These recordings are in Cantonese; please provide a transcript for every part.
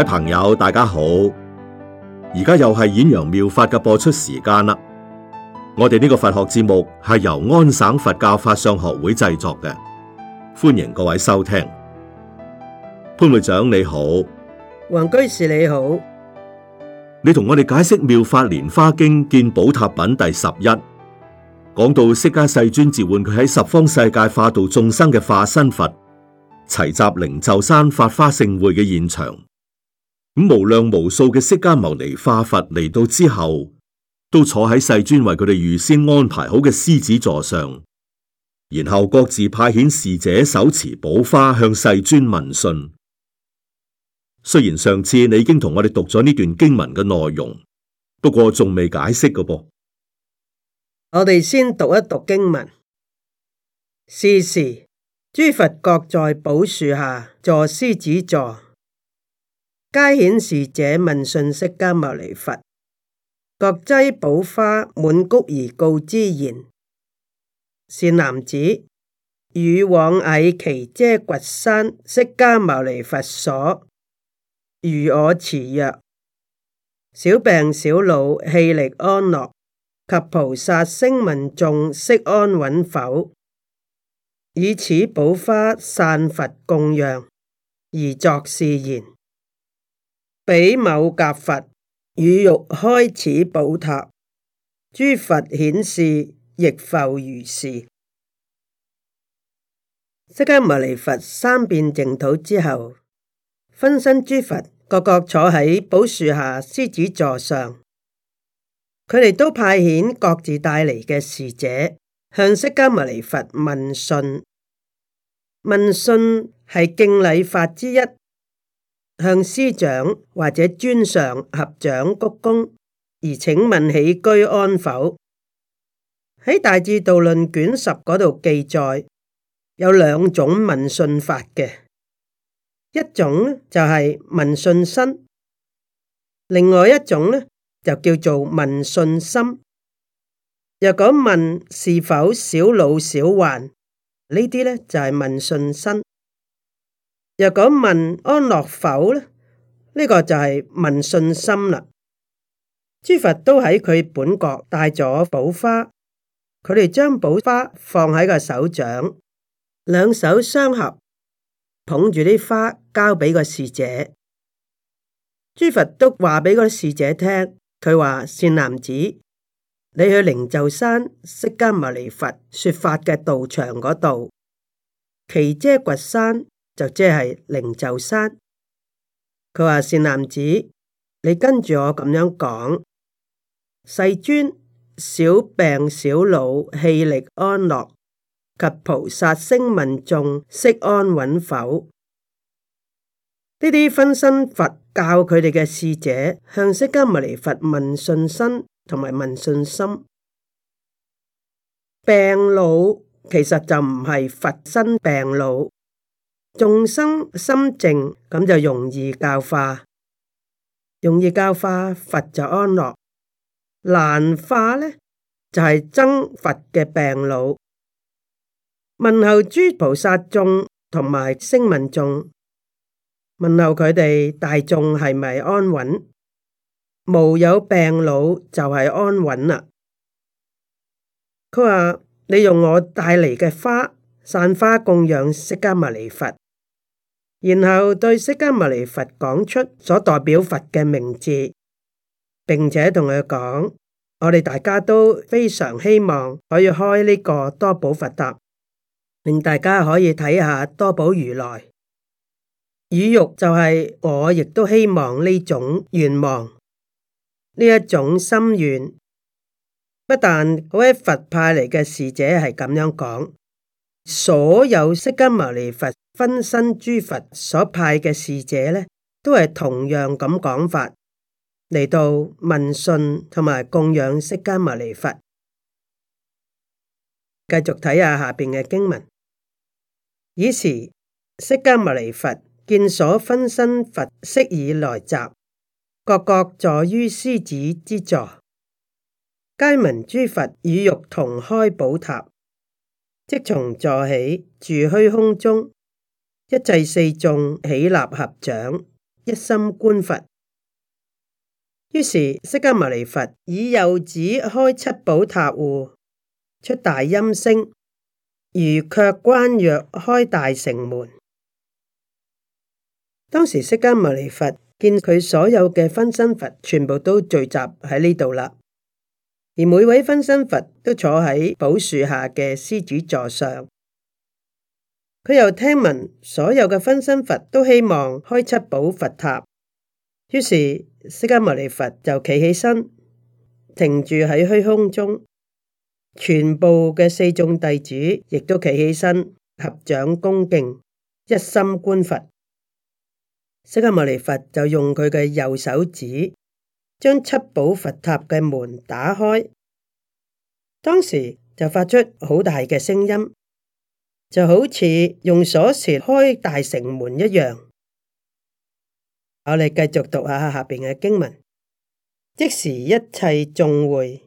各位朋友，大家好，而家又係演揚妙法嘅播出時間啦。我哋呢個佛學節目係由安省佛教法相學會製作嘅，歡迎各位收聽。潘會長你好，黃居士你好，你同我哋解釋妙法蓮華經見寶塔品第十一，講到釋迦世尊召喚佢喺十方世界化度眾生嘅化身佛，齊集靈鷲山法華盛會嘅現場。無量無數嘅釋迦牟尼化佛嚟到之後，都坐喺世尊為佢哋預先安排好嘅獅子座上，然後各自派遣侍者手持寶花向世尊問訊。雖然上次你已經同我哋讀咗呢段經文嘅內容，不過仲未解釋㗎噃。我哋先讀一讀經文。是時，諸佛各在寶樹下坐獅子座。皆顯示者問訊釋迦牟尼佛，各齎寶花滿谷而告之言：善男子，汝往矣耆闍崛山，釋迦牟尼佛所，如我辭曰，少病少惱，氣力安樂，及菩薩聲聞眾，悉安穩否？以此寶花散佛供養，而作是言。比某甲佛與欲開始寶塔，諸佛顯示亦復如是。釋迦牟尼佛三遍淨土之後，分身諸佛各各坐喺寶樹下獅子座上，佢哋都派遣各自帶嚟嘅侍者向釋迦牟尼佛問訊。問訊係敬禮法之一。向師長或者尊上合掌鞠躬，而請問起居安否？喺《大智度論》卷十嗰度記載，有兩種問訊法嘅，一種咧就係問訊身，另外一種咧就叫做問訊心。若果問是否少惱少患，呢啲咧就係問訊身。若講問安樂否咧，呢、這個就係問信心啦。諸佛都喺佢本國帶咗寶花，佢哋將寶花放喺個手掌，兩手相合，捧住啲花交俾個侍者。諸佛都話俾個侍者聽，佢話善男子，你去靈鷲山釋迦牟尼佛說法嘅道場嗰度，耆闍崛山。就即係靈鷲山，佢話善男子，你跟住我咁樣講，世尊，小病小老，氣力安樂及菩薩聲聞眾，色安穩否？呢啲分身佛教佢哋嘅使者向釋迦牟尼佛問信心同埋問信心，病老其實就唔係佛身病老。眾生心靜，咁就容易教化，容易教化佛就安樂。難化咧就係、是、憎佛嘅病老。問候諸菩薩眾同埋聲聞眾，問候佢哋大眾係咪安穩？無有病老就係安穩啦、啊。佢話你用我帶嚟嘅花散花供養釋迦牟尼佛。然後對釋迦牟尼佛講出所代表佛嘅名字，並且同佢講：我哋大家都非常希望可以開呢個多寶佛塔，令大家可以睇下多寶如來。語欲就係，我亦都希望呢種願望，呢一種心願。不但嗰位佛派嚟嘅使者係咁樣講。所有釋迦牟尼佛分身諸佛所派嘅侍者呢都係同樣咁講法嚟到問訊同埋供養釋迦牟尼佛。繼續睇下下邊嘅經文。以時釋迦牟尼佛見所分身佛悉已來集，各各坐於獅子之座，皆聞諸佛與欲同開寶塔。即從座起，住虛空中，一切四眾起立合掌，一心觀佛。於是釋迦牟尼佛以右指開七寶塔戶，出大音聲，如卻關鑰開大城門。當時釋迦牟尼佛見佢所有嘅分身佛全部都聚集喺呢度啦。而每位分身佛都坐喺寶樹下嘅獅子座上，佢又聽聞所有嘅分身佛都希望開七寶佛塔，於是釋迦牟尼佛就企起身，停住喺虛空中，全部嘅四眾弟子亦都企起身，合掌恭敬，一心觀佛。釋迦牟尼佛就用佢嘅右手指。將七寶佛塔嘅門打開，當時就發出好大嘅聲音，就好似用鎖匙開大城門一樣。我哋繼續讀下下邊嘅經文，即時一切眾會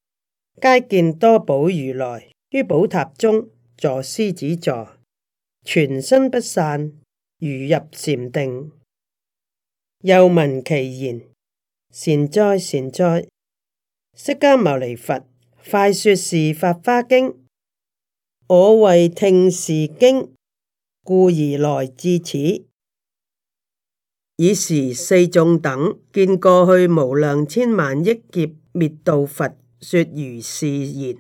皆見多寶如來於寶塔中坐獅子座，全身不散，如入禪定，又聞其言。善哉善哉，釋迦牟尼佛，快説《是法花經》。我為聽是經，故而來至此。以時四眾等見過去無量千萬億劫滅度佛，說如是言，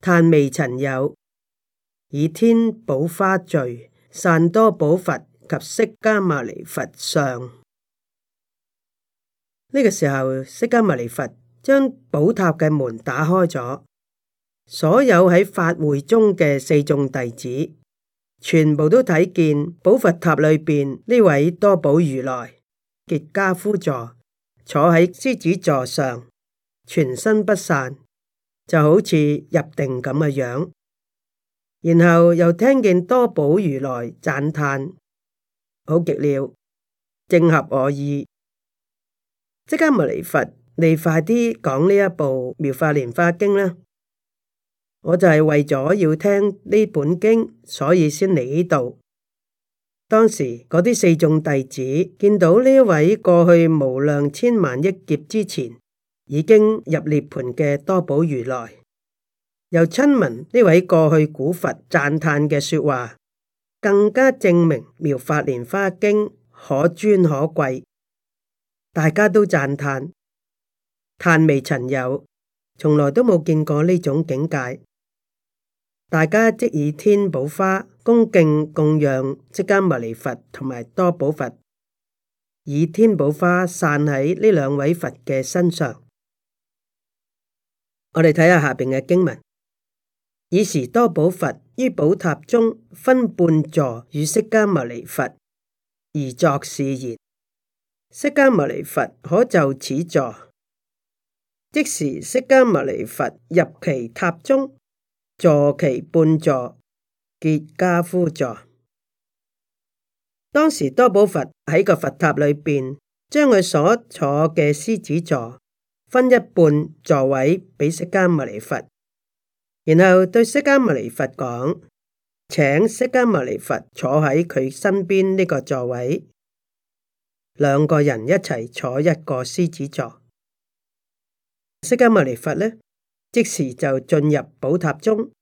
歎未曾有。以天寶花聚，散多寶佛及釋迦牟尼佛上。呢個時候，釋迦牟尼佛將寶塔嘅門打開咗，所有喺法會中嘅四眾弟子全部都睇見寶佛塔裏邊呢位多寶如來結跏趺坐，坐喺獅子座上，全身不散，就好似入定咁嘅樣、樣。然後又聽見多寶如來讚歎：好極了，正合我意。釋迦牟尼佛，你快啲講呢一部《妙法蓮華經》啦！我就係為咗要聽呢本經，所以先嚟呢度。當時嗰啲四眾弟子見到呢位過去無量千萬億劫之前已經入涅槃嘅多寶如來，又親聞呢位過去古佛讚歎嘅說話，更加證明《妙法蓮華經》可尊可貴。大家都讚歎歎未曾有，從來都冇見過呢種境界。大家即以天寶花恭敬供養釋迦牟尼佛同埋多寶佛，以天寶花散喺呢兩位佛嘅身上。我哋睇下下邊嘅經文：爾時多寶佛於寶塔中分半座與釋迦牟尼佛而作是言。釋迦牟尼佛可就此座。即時釋迦牟尼佛入其塔中，坐其半座，結跏趺坐。當時多寶佛喺個佛塔裏邊，將佢所坐嘅獅子座分一半座位俾釋迦牟尼佛，然後對釋迦牟尼佛講，請釋迦牟尼佛坐喺佢身邊呢個座位。兩個人一齊坐一個獅子座，釋迦牟尼佛呢，即時就進入寶塔中，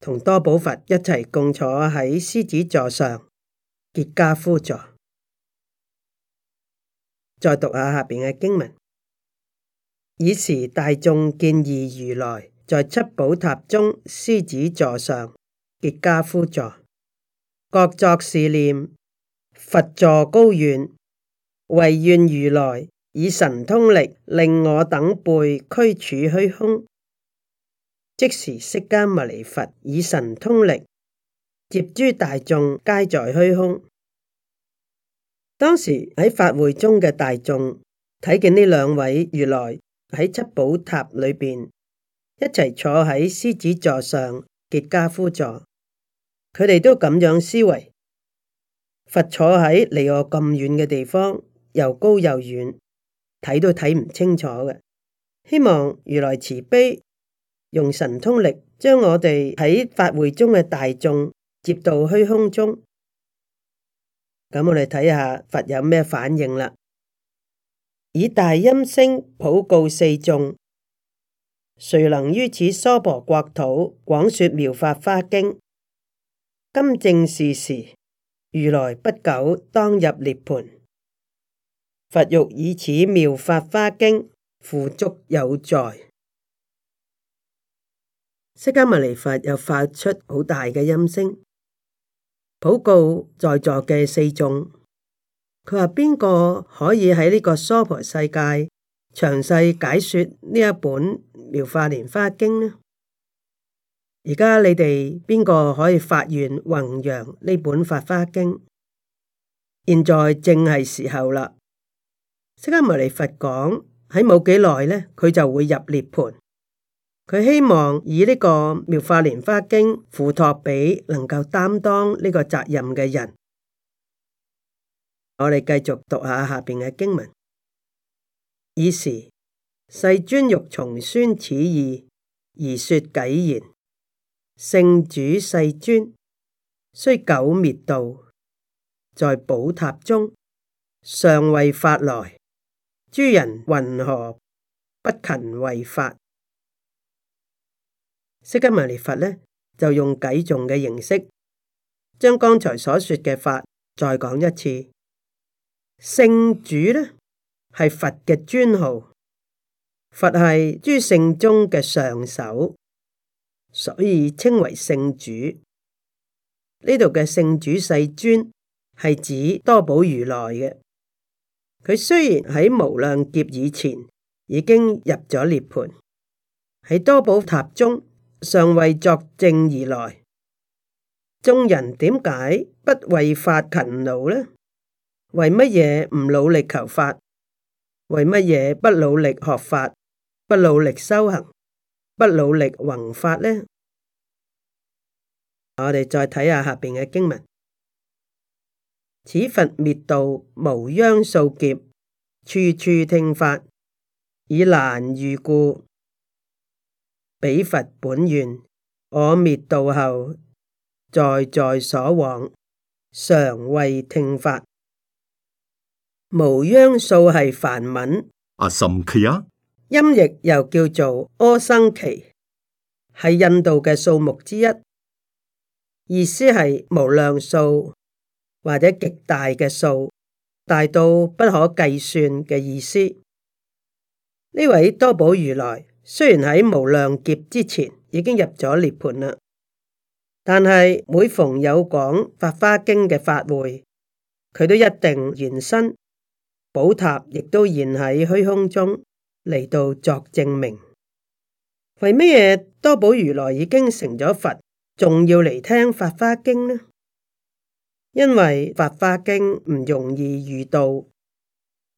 同多寶佛一齊共坐喺獅子座上結加趺坐。再讀下下邊嘅經文，以時大眾見二如來在七寶塔中獅子座上結加趺坐，各作是念，佛座高遠。惟願如來以神通力令我等輩俱處虛空，即時釋迦牟尼佛以神通力接諸大眾皆在虛空。當時喺法會中嘅大眾睇見呢兩位如來喺七寶塔裏邊一齊坐喺獅子座上結跏趺坐，佢哋都咁樣思維：佛坐喺離我咁遠嘅地方。又高又遠，睇都睇唔清楚嘅。希望如來慈悲，用神通力將我哋喺法會中嘅大眾接到虛空中。咁我哋睇下佛有咩反應啦。以大音聲普告四眾，誰能於此娑婆國土廣說妙法華經？今正是時，如來不久當入涅槃。佛欲以此妙法花經付囑有在，釋迦牟尼佛又發出好大嘅音聲，普告在座嘅四眾，佢話：邊個可以喺呢個娑婆世界詳細解說呢一本妙法蓮花經呢？而家你哋邊個可以發願弘揚呢本法花經？現在正係時候啦！釋迦牟尼佛講，喺冇幾耐呢，佢就會入涅盤。佢希望以呢、這個妙法蓮花經付託俾能夠擔當呢個責任嘅人。我哋繼續讀下下邊嘅經文。以時世尊欲重宣此義，而說偈言：聖主世尊，雖久滅度，在寶塔中，尚為法來。諸人云何不勤為法？釋迦牟尼佛呢就用偈頌嘅形式，將剛才所說嘅法再講一次。聖主呢係佛嘅尊號，佛係諸聖中嘅上首，所以稱為聖主。呢度嘅聖主世尊係指多寶如來嘅。佢雖然喺無量劫以前已經入咗涅槃，喺多寶塔中尚未作證而來，眾人點解不為法勤勞呢？為乜嘢唔努力求法？為乜嘢不努力學法？不努力修行？不努力弘法呢？我哋再睇下下邊嘅經文。此佛滅度，無央數劫，處處聽法，以難遇故。彼佛本願，我滅度後，在在所往，常為聽法。無央數係梵文阿什、啊、奇啊，音譯又叫做阿生奇，係印度嘅數目之一，意思係無量數。或者極大嘅數，大到不可計算嘅意思。呢位多寶如來雖然喺無量劫之前已經入咗涅槃啦，但係每逢有講《法華經》嘅法會，佢都一定現身，寶塔亦都現喺虛空中嚟到作證明。為咩多寶如來已經成咗佛，仲要嚟聽《法華經》呢？因為法華經唔容易遇到，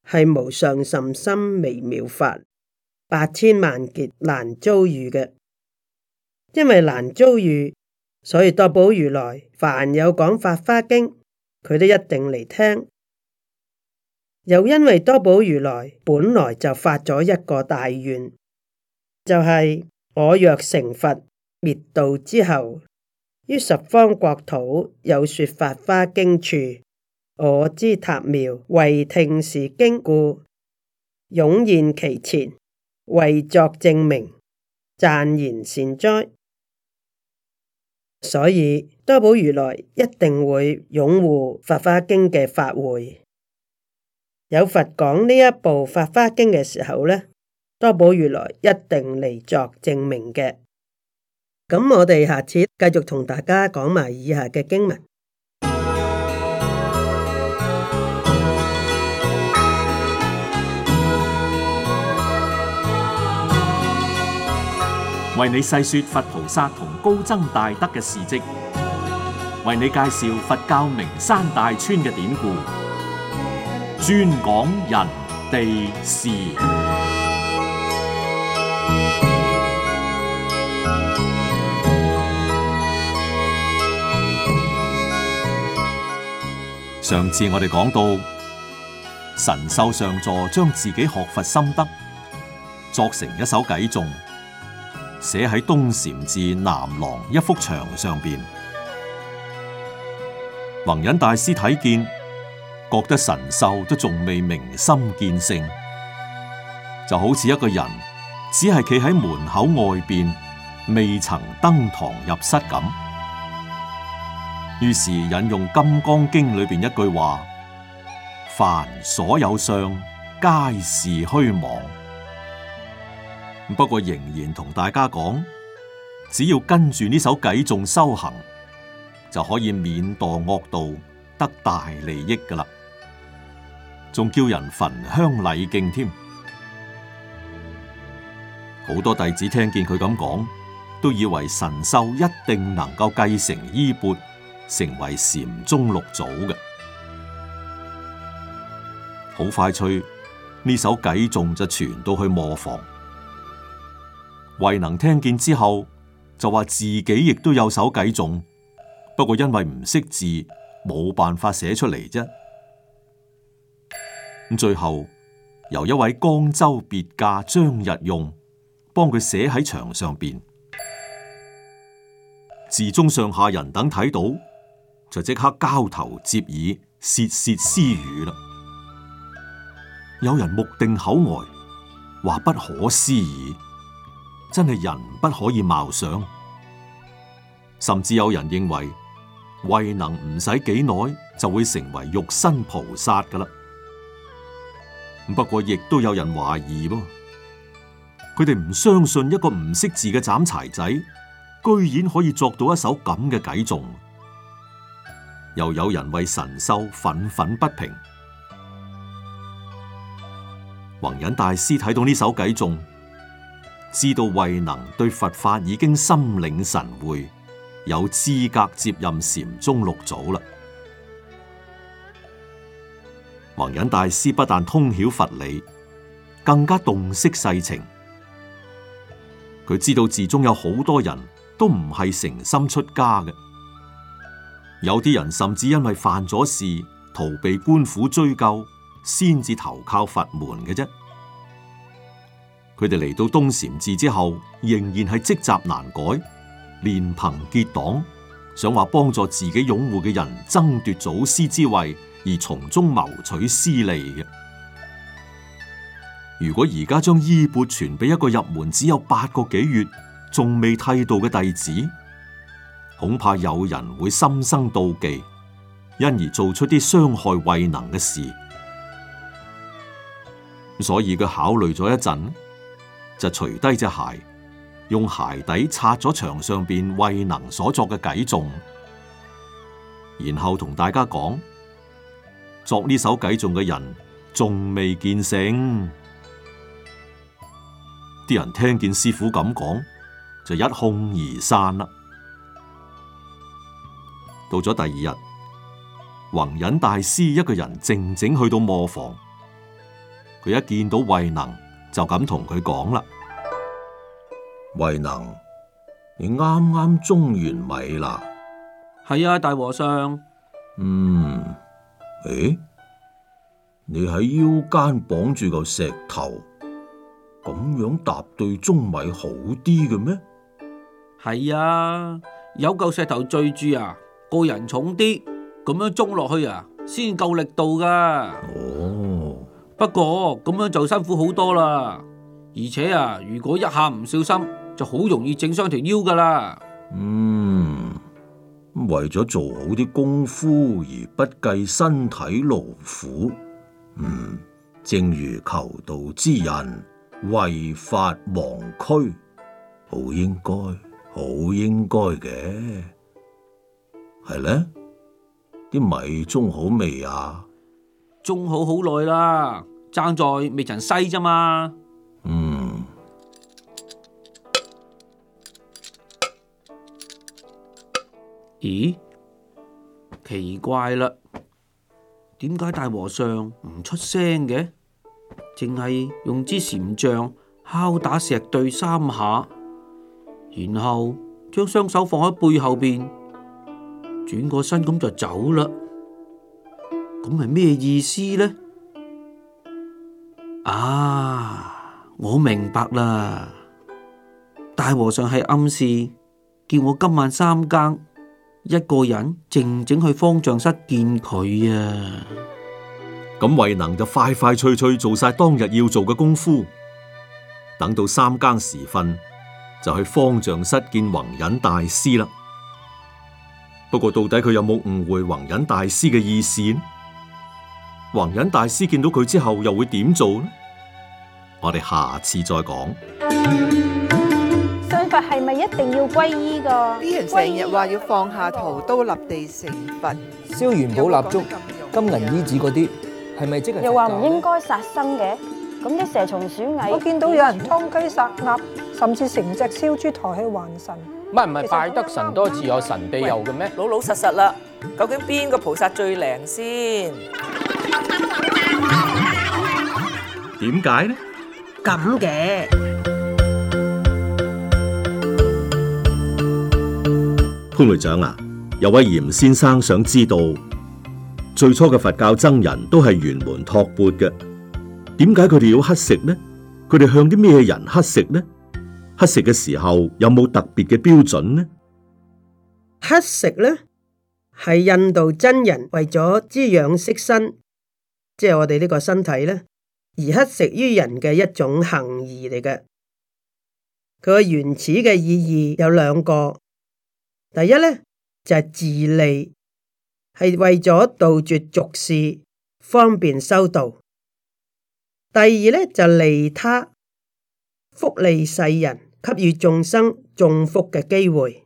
係無上甚深微妙法，百千萬劫難遭遇嘅。因為難遭遇，所以多寶如來凡有講法華經，佢都一定嚟聽。又因為多寶如來本來就發咗一個大願，就係、是、我若成佛滅度之後。於十方國土有說法華經處，我之塔廟為聽是經故，勇現其前為作證明，讚言善哉。所以多寶如來一定會擁護《法華經》嘅法會。有佛講呢一部《法華經》嘅時候呢，多寶如來一定嚟作證明嘅。咁我哋下次繼續同大家講埋以下嘅經文，為你細說佛菩薩同高僧大德嘅事蹟，為你介紹佛教名山大川嘅典故，專講人地事。上次我哋講到，神秀上座將自己學佛心得作成一首偈頌，寫喺東禪寺南廊一幅牆上邊。弘忍大師睇見，覺得神秀都仲未明心見性，就好似一個人只係企喺門口外邊，未曾登堂入室咁。於是引用《金剛經》裏邊一句話：凡所有相，皆是虛妄。不過仍然同大家講，只要跟住呢首偈誦修行，就可以免墮惡道，得大利益噶啦。仲叫人焚香禮敬添。好多弟子聽見佢咁講，都以為神秀一定能夠繼承衣鉢。成為禪宗六祖嘅。好快趣呢首偈頌就傳到去磨房。慧能聽見之後，就話自己亦都有首偈頌，不過因為唔識字，冇辦法寫出嚟啫。咁最後由一位江州別駕張日用幫佢寫喺牆上邊，寺中上下人等睇到，就即刻交頭接耳竊竊私語啦！有人目定口呆，話不可思議，真係人不可以貌相。甚至有人認為慧能唔使幾耐就會成為肉身菩薩㗎啦。不過，亦都有人懷疑噃，佢哋唔相信一個唔識字嘅斬柴仔，居然可以作到一首咁嘅偈頌。又有人為神秀憤憤不平。弘忍大師睇到呢首偈頌，知道慧能對佛法已經心領神會，有資格接任禪宗六祖啦。弘忍大師不但通曉佛理，更加洞悉世情。佢知道寺中有好多人都唔係誠心出家嘅，有啲人甚至因為犯咗事，逃避官府追究，先至投靠佛門嘅啫。佢哋嚟到東禪寺之後，仍然係積習難改，連朋結黨，想話幫助自己擁護嘅人爭奪祖師之位，而從中謀取私利嘅。如果而家將衣鉢傳俾一個入門只有八個幾月，仲未剃度嘅弟子，恐怕有人會心生妒忌，因而做出啲傷害慧能嘅事。所以佢考慮咗一陣，就除低隻鞋，用鞋底擦咗牆上邊慧能所作嘅偈頌，然後同大家講：作呢首偈頌嘅人仲未見醒。啲人聽見師傅咁講，就一哄而散啦。到咗第二日，弘忍大師一個人靜靜去到磨房。佢一見到慧能就咁同佢講啦：慧能，你啱啱舂完米啦？係啊，大和尚。嗯，誒，你喺腰間綁住嚿石頭，咁樣踏對舂米好啲嘅咩？係啊，有嚿石頭墜住啊！個人重啲，咁樣捉落去啊，先夠力度噶。哦，不過咁樣就辛苦好多啦，而且啊，如果一下唔小心，就好容易整傷條腰噶啦。嗯，為咗做好啲功夫而不計身體勞苦，嗯，正如求道之人為法忘軀，好應該，好應該嘅。係咧，啲米舂好未啊？舂好好耐啦，爭在未曾篩啫嘛。嗯，咦？奇怪啦，點解大和尚唔出聲嘅？淨係用支禪杖敲打石碓三下，然後將雙手放喺背後邊。轉過身咁就走啦，咁係咩意思呢？啊，我明白啦！大和尚係暗示叫我今晚三更一個人靜靜去方丈室見佢啊！咁慧能就快快脆脆做晒當日要做嘅功夫，等到三更時分就去方丈室見弘忍大師啦。不過到底佢有冇誤會弘忍大師嘅意思呢？弘忍大師見到佢之後又會點做呢？我哋下次再講。信佛係咪一定要皈依㗎？啲人成日話要放下屠刀立地成佛，燒元寶蠟燭、金銀衣紙嗰啲，係咪、嗯、即係？又話唔應該殺生嘅，咁啲蛇蟲鼠蟻，我見到有人劏雞殺鴨，甚至成隻燒豬抬去還神。唔係唔係，拜得神多自有神庇佑嘅咩？老老實實啦，究竟邊個菩薩最靈先？點解呢？咁嘅潘隊長啊，有位嚴先生想知道，最初嘅佛教僧人都係圓門托鉢嘅，點解佢哋要乞食呢？佢哋向啲咩人乞食呢？乞食嘅時候有冇特別嘅標準呢？乞食咧係印度真人為咗滋養色身，即係我哋呢個身體咧，而乞食於人嘅一種行儀嚟嘅。佢嘅原始嘅意義有兩個：第一咧就係、是、自利，係為咗杜絕俗事，方便修道；第二咧就係利他，福利世人。給予眾生眾福嘅機會。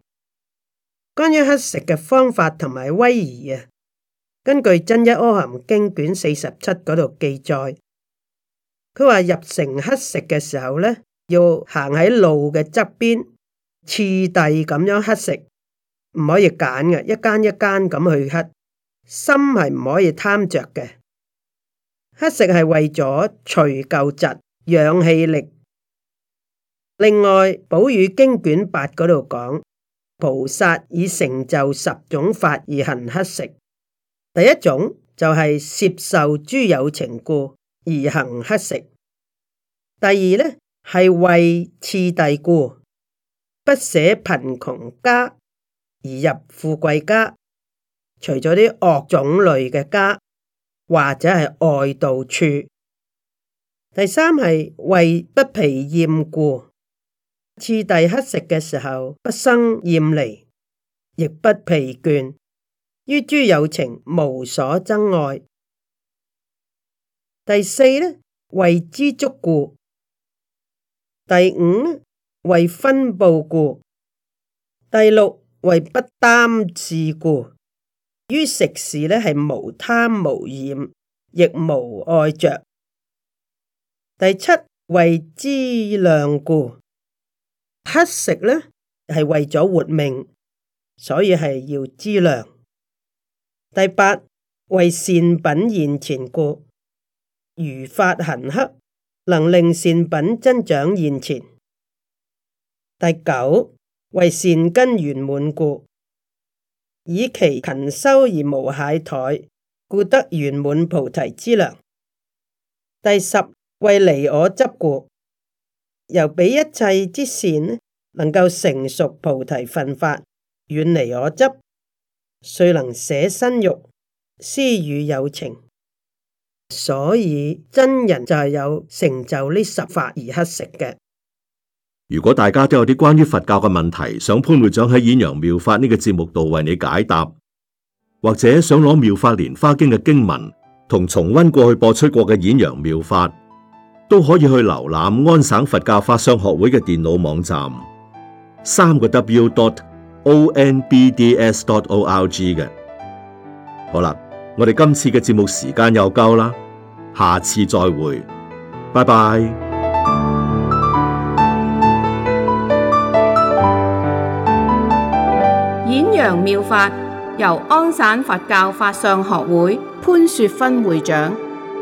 關於乞食嘅方法同埋威儀，根據《真一阿含經卷四十七》嗰度記載，佢話入城乞食嘅時候，呢要行喺路嘅側邊，次第咁樣乞食，唔可以揀嘅，一間一間咁去乞。心係唔可以貪着嘅，乞食係為咗除舊疾、養氣力。另外，《寶雨經卷八》嗰度講，菩薩以成就十種法而行乞食。第一種就係攝受諸有情故而行乞食。第二呢，係為次第故，不捨貧窮家而入富貴家，除咗啲惡種類嘅家，或者係外道處。第三係為不疲厭故。次第乞食嘅時候，不生厭離，亦不疲倦。於諸有情，無所憎愛。第四呢，為知足故；第五呢，為分布故；第六為不擔事故。於食時呢係無貪無染，亦無愛着。第七為知量故。乞食呢係為咗活命，所以係要知量。第八為善品現前故，如法行乞，能令善品增長現前。第九為善根圓滿故，以其勤修而無懈怠，故得圓滿菩提之量。第十為離我執故。又俾一切之善能夠成熟菩提分法，遠離我執，雖能捨身肉，施與有情。所以真人就係有成就呢十法而乞食嘅。如果大家都有啲關於佛教嘅問題，想潘會長喺演揚妙法呢個節目度為你解答，或者想攞妙法蓮花經嘅經文同重溫過去播出過嘅演揚妙法。都可以去瀏覽安省佛教法相學會嘅電腦網站，三個 W dot O N B D S dot O R G 嘅。好啦，我哋今次嘅節目時間又夠啦，下次再會，拜拜。演揚妙法由安省佛教法相學會潘雪芬會長